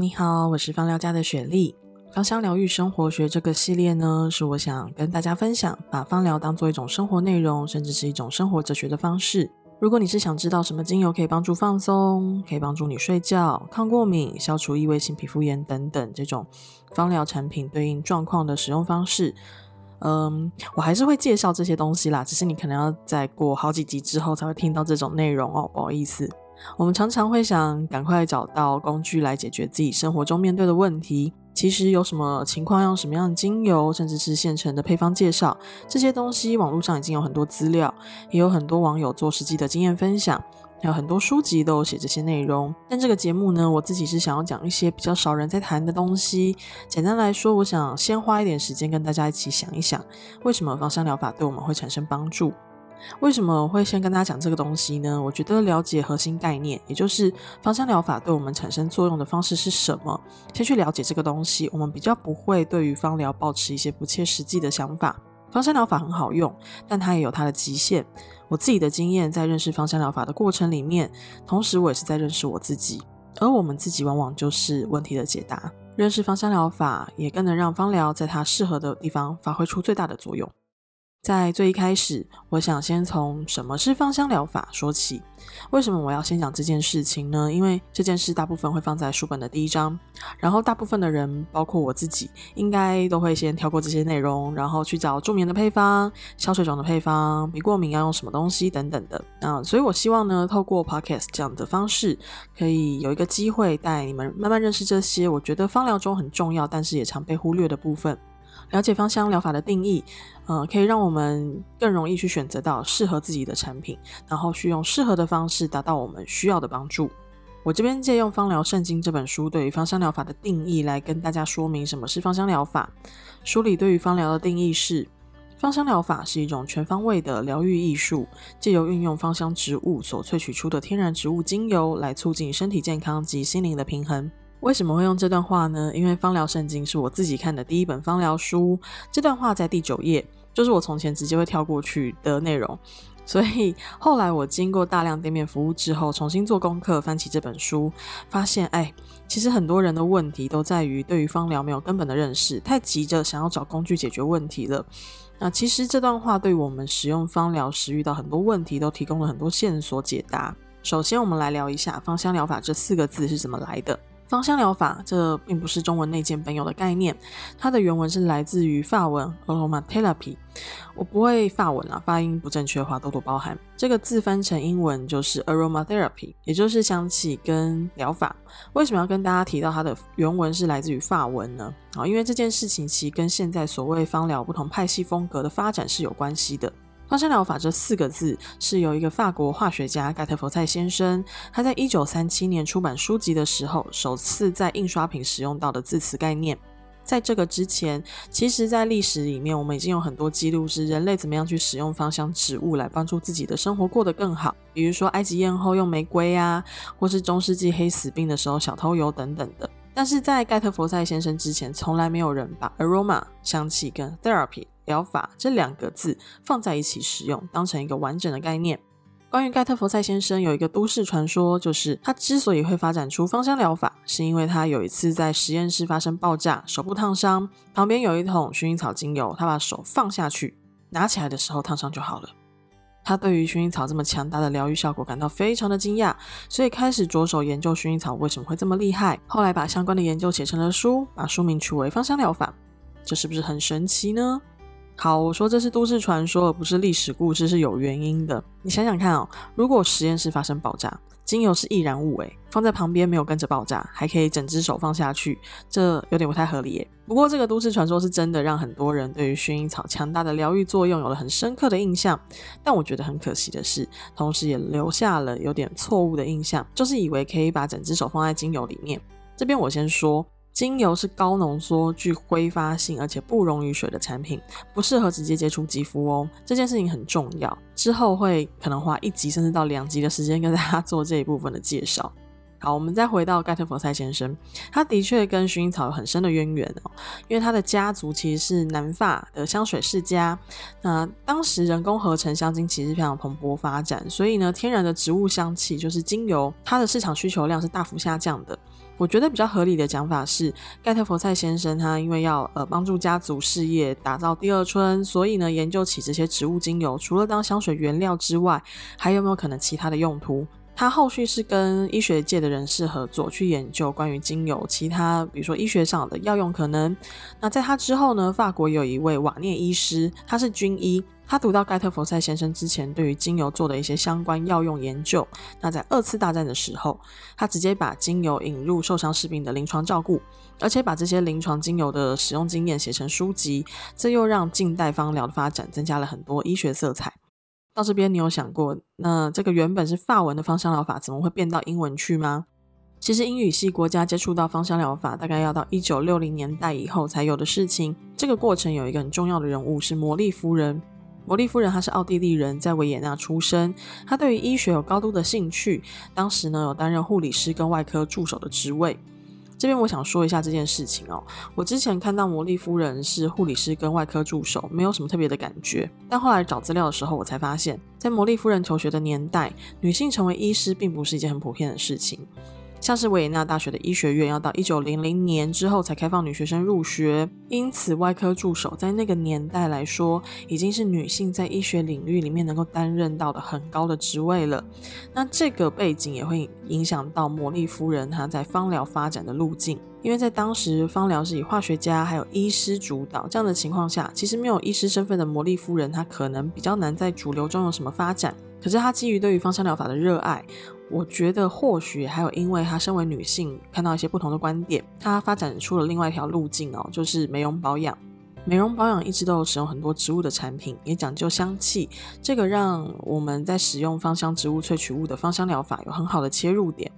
你好，我是芳療家的雪莉。芳香療癒生活學這個系列呢，是我想跟大家分享把芳療當做一種生活內容，甚至是一種生活哲學的方式。如果你是想知道什麼精油可以幫助放鬆，可以幫助你睡覺、抗過敏、消除異位性皮膚炎等等這種芳療產品對應狀況的使用方式，嗯，我還是會介紹這些東西啦。只是你可能要再過好幾集之後才會聽到這種內容哦，不好意思。我們常常會想趕快找到工具來解決自己生活中面對的問題。其實有什麼情況要用什麼樣的精油，甚至是現成的配方介紹，這些東西網絡上已經有很多資料，也有很多網友做實際的經驗分享，還有很多書籍都有寫這些內容。但這個節目呢，我自己是想要講一些比較少人在談的東西。簡單來說，我想先花一點時間跟大家一起想一想，為什麼芳香療法對我們會產生幫助。為什麼我會先跟大家講這個東西呢？我覺得了解核心概念，也就是芳香療法對我們產生作用的方式是什麼，先去了解這個東西，我們比較不會對於芳療抱持一些不切實際的想法。芳香療法很好用，但它也有它的極限。我自己的經驗在認識芳香療法的過程裡面，同時我也是在認識我自己。而我們自己往往就是問題的解答。認識芳香療法，也更能讓芳療在它適合的地方發揮出最大的作用。在最一開始，我想先從什麼是芳香療法說起。為什麼我要先講這件事情呢？因為這件事大部分會放在書本的第一章，然後大部分的人，包括我自己，應該都會先跳過這些內容，然後去找助眠的配方、消水腫的配方、鼻過敏要用什麼東西等等的啊。所以，我希望呢，透過 Podcast 這樣的方式，可以有一個機會帶你們慢慢認識這些我覺得芳療中很重要，但是也常被忽略的部分。了解芳香療法的定義，呃，可以讓我們更容易去選擇到適合自己的產品，然後去用適合的方式達到我們需要的幫助。我這邊借用《芳療聖經》這本書對於芳香療法的定義來跟大家說明什麼是芳香療法。書裡對於芳療的定義是：芳香療法是一種全方位的療癒藝術，借由運用芳香植物所萃取出的天然植物精油來促進身體健康及心靈的平衡。為什麼會用這段話呢？因為《芳療聖經》是我自己看的第一本芳療書，這段話在第九頁，就是我從前直接會跳過去的內容。所以後來我經過大量店面服務之後，重新做功課翻起這本書，發現哎，其實很多人的問題都在於對於芳療沒有根本的認識，太急着想要找工具解決問題了。那其實這段話對我們使用芳療時遇到很多問題都提供了很多線索解答。首先，我們來聊一下“芳香療法”這四個字是怎麼來的。芳香療法，這並不是中文內建本有的概念，它的原文是來自於法文 aromathérapie。我不會法文啊，發音不正確的話多多包涵。這個字翻成英文就是 aromatherapy，也就是香氣跟療法。為什麼要跟大家提到它的原文是來自於法文呢？啊，因為這件事情其實跟現在所謂芳療不同派系風格的發展是有關係的。芳香療法這四個字是由一個法國化學家蓋特佛賽先生，他在一九三七年出版書籍的時候，首次在印刷品使用到的字詞概念。在這個之前，其實，在歷史裡面，我們已經有很多記錄是人類怎麼樣去使用芳香植物來幫助自己的生活過得更好，比如說埃及豔後用玫瑰啊，或是中世紀黑死病的時候小偷油等等的。但是在蓋特佛賽先生之前，從來沒有人把 aroma 香氣跟 therapy 療法這兩個字放在一起使用，當成一個完整的概念。關於蓋特弗賽先生有一個都市傳說，就是他之所以會發展出芳香療法，是因為他有一次在實驗室發生爆炸，手部燙傷，旁邊有一桶薰衣草精油，他把手放下去，拿起來的時候燙傷就好了。他對於薰衣草這麼強大的療癒效果感到非常的驚訝，所以開始着手研究薰衣草為什麼會這麼厲害。後來把相關的研究寫成了書，把書名取為芳香療法。這是不是很神奇呢？好，我說這是都市傳說，而不是歷史故事，是有原因的。你想想看哦，如果實驗室發生爆炸，精油是易燃物，哎，放在旁邊沒有跟着爆炸，還可以整隻手放下去，這有點不太合理耶。不過這個都市傳說是真的，讓很多人對於薰衣草強大的療癒作用有了很深刻的印象。但我覺得很可惜的是，同時也留下了有點錯誤的印象，就是以為可以把整隻手放在精油裡面。這邊我先說。精油是高濃縮、具揮發性，而且不溶於水的產品，不適合直接接觸肌膚哦。這件事情很重要，之後會可能花一集甚至到兩集的時間跟大家做這一部分的介紹。好，我們再回到蓋特佛塞先生，他的確跟薰衣草有很深的淵源哦，因為他的家族其實是南法的香水世家。那當時人工合成香精其實非常蓬勃發展，所以呢，天然的植物香氣就是精油，它的市場需求量是大幅下降的。我覺得比較合理的講法是，蓋特佛塞先生他因為要呃幫助家族事業打造第二春，所以呢，研究起這些植物精油，除了當香水原料之外，還有沒有可能其他的用途？他後續是跟醫學界的人士合作，去研究關於精油其他，比如說醫學上的藥用可能。那在他之後呢，法國有一位瓦涅醫師，他是軍醫，他讀到蓋特佛塞先生之前對於精油做的一些相關藥用研究。那在二次大戰的時候，他直接把精油引入受傷士兵的臨床照顧，而且把這些臨床精油的使用經驗寫成書籍，這又讓近代芳療的發展增加了很多醫學色彩。到這邊，你有想過，那這個原本是法文的芳香療法，怎麼會變到英文去嗎？其實英語系國家接觸到芳香療法，大概要到一九六零年代以後才有的事情。這個過程有一個很重要的人物是摩利夫人。摩利夫人她是奧地利人，在維也納出生。她對於醫學有高度的興趣，當時呢，有擔任護理師跟外科助手的職位。這邊我想說一下這件事情哦。我之前看到摩利夫人是護理師跟外科助手，沒有什麼特別的感覺，但後來找資料的時候，我才發現，在摩利夫人求學的年代，女性成為醫師並不是一件很普遍的事情。像是維也納大學的醫學院要到一九零零年之後才開放女學生入學，因此外科助手在那個年代來說，已經是女性在醫學領域裡面能夠擔任到的很高的職位了。那這個背景也會影響到摩莉夫人她在芳療發展的路徑，因為在當時芳療是以化學家還有醫師主導這樣的情況下，其實沒有醫師身份的摩莉夫人她可能比較難在主流中有什麼發展。可是她基於對於芳香療法的熱愛。我覺得或許還有，因為她身為女性，看到一些不同的觀點，她發展出了另外一條路徑哦，就是美容保養。美容保養一直都有使用很多植物的產品，也講究香氣，這個讓我們在使用芳香植物萃取物的芳香療法有很好的切入點。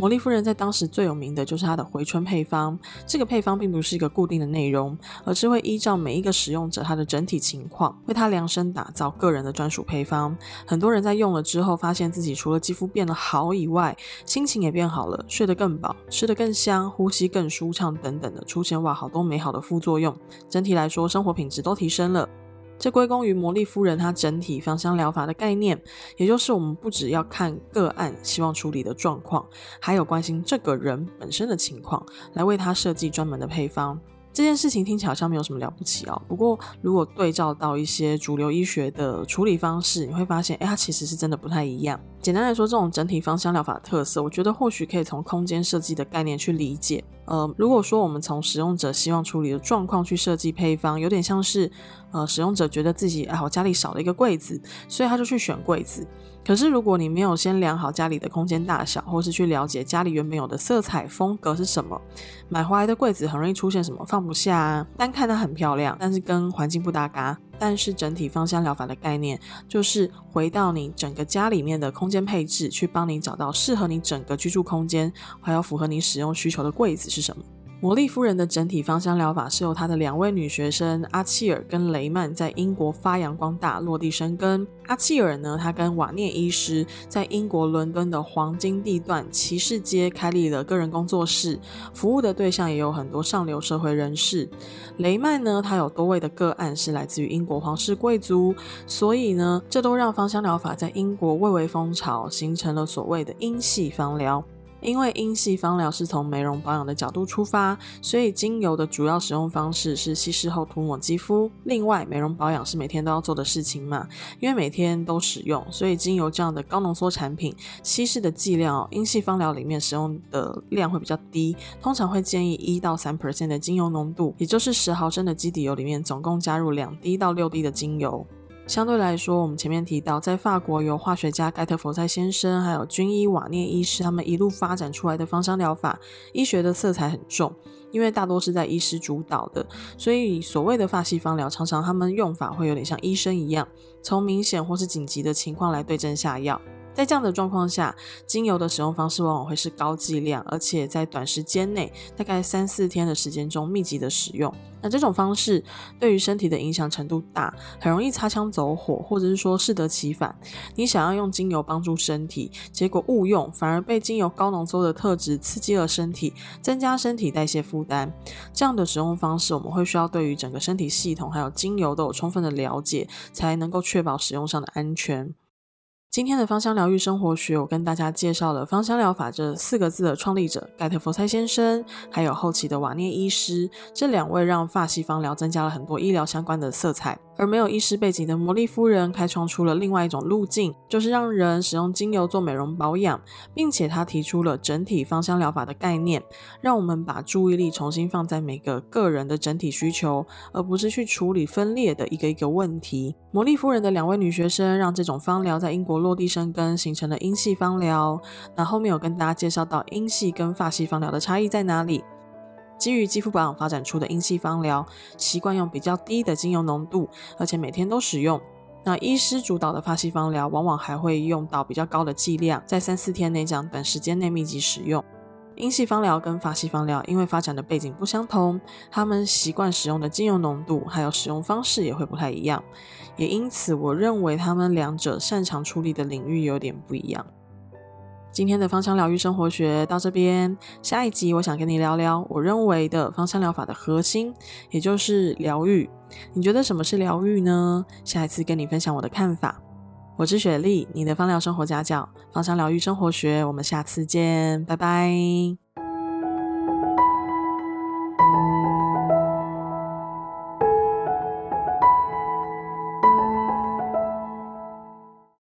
摩利夫人在當時最有名的就是她的回春配方。這個配方並不是一個固定的內容，而是會依照每一個使用者他的整體情況，為他量身打造個人的專屬配方。很多人在用了之後，發現自己除了肌膚變得好以外，心情也變好了，睡得更飽，吃得更香，呼吸更舒暢等等的，出現哇好多美好的副作用。整體來說，生活品質都提升了。這歸功於摩利夫人，她整體芳香療法的概念，也就是我們不只要看個案希望處理的狀況，還有關心這個人本身的情況，來為他設計專門的配方。這件事情聽起來好像沒有什麼了不起哦，不過如果對照到一些主流醫學的處理方式，你會發現，誒，它其實是真的不太一樣。簡單來說，這種整體芳香療法的特色，我覺得或許可以從空間設計的概念去理解。呃，如果說我們從使用者希望處理的狀況去設計配方，有點像是，呃，使用者覺得自己，哎，家裡少了一個櫃子，所以他就去選櫃子。可是如果你沒有先量好家裡的空間大小，或是去了解家裡原本有的色彩風格是什麼，買回來的櫃子很容易出現什麼放不下，單看它很漂亮，但是跟環境不搭嘎。但是整體芳香療法的概念，就是回到你整個家裡面的空間配置，去幫你找到適合你整個居住空間，還有符合你使用需求的櫃子是什麼？摩利夫人的整體芳香療法是由她的兩位女學生阿契爾跟雷曼在英國發揚光大，落地生根。阿契爾呢，她跟瓦涅醫師在英國倫敦的黃金地段騎士街開立了個人工作室，服務的對象也有很多上流社會人士。雷曼呢，他有多位的個案是來自於英國皇室貴族，所以呢，這都讓芳香療法在英國蔚為風潮，形成了所謂的英系芳療。因為英系芳療是從美容保養的角度出發，所以精油的主要使用方式是稀釋後塗抹肌膚。另外，美容保養是每天都要做的事情嘛，因為每天都使用，所以精油這樣的高濃縮產品，稀釋的劑量，哦，英系芳療裡面使用的量會比較低，通常會建議一到三 percent 的精油濃度，也就是十毫升的基底油裡面總共加入兩滴到六滴的精油。相對來說，我們前面提到，在法國由化學家蓋特弗賽先生，還有軍醫瓦涅醫師，他們一路發展出來的芳香療法，醫學的色彩很重，因為大多是在醫師主導的，所以所謂的法系芳療，常常他們用法會有點像醫生一樣，從明顯或是緊急的情況來對症下藥。在這樣的狀況下，精油的使用方式往往會是高劑量，而且在短時間內，大概三四天的時間中密集的使用。那這種方式對於身體的影響程度大，很容易擦槍走火，或者是說適得其反。你想要用精油幫助身體，結果誤用反而被精油高濃縮的特質刺激了身體，增加身體代謝負擔。這樣的使用方式，我們會需要對於整個身體系統還有精油都有充分的了解，才能夠確保使用上的安全。今天的芳香療癒生活學，我跟大家介紹了芳香療法這四個字的創立者，蓋特弗塞先生，還有後期的瓦涅醫師，這兩位讓法系芳療增加了很多醫療相關的色彩。而沒有醫師背景的摩利夫人開創出了另外一種路徑，就是讓人使用精油做美容保養，並且她提出了整體芳香療法的概念，讓我們把注意力重新放在每個個人的整體需求，而不是去處理分裂的一個一個問題。摩利夫人的兩位女學生讓這種芳療在英國落地生根，形成了英系芳療。那後面有跟大家介紹到英系跟法系芳療的差異在哪裡。基於肌膚保養發展出的英系芳療，習慣用比較低的精油濃度，而且每天都使用。那醫師主導的法系芳療，往往還會用到比較高的劑量，在三四天內這樣短時間內密集使用。英系芳療跟法系芳療因為發展的背景不相同，他們習慣使用的精油濃度還有使用方式也會不太一樣，也因此我認為他們兩者擅長處理的領域有點不一樣。今天的芳香療癒生活學到這邊，下一集我想跟你聊聊我認為的芳香療法的核心，也就是療癒。你覺得什麼是療癒呢？下一次跟你分享我的看法。我是雪莉，你的芳療生活家教，芳香療癒生活學。我們下次見，拜拜。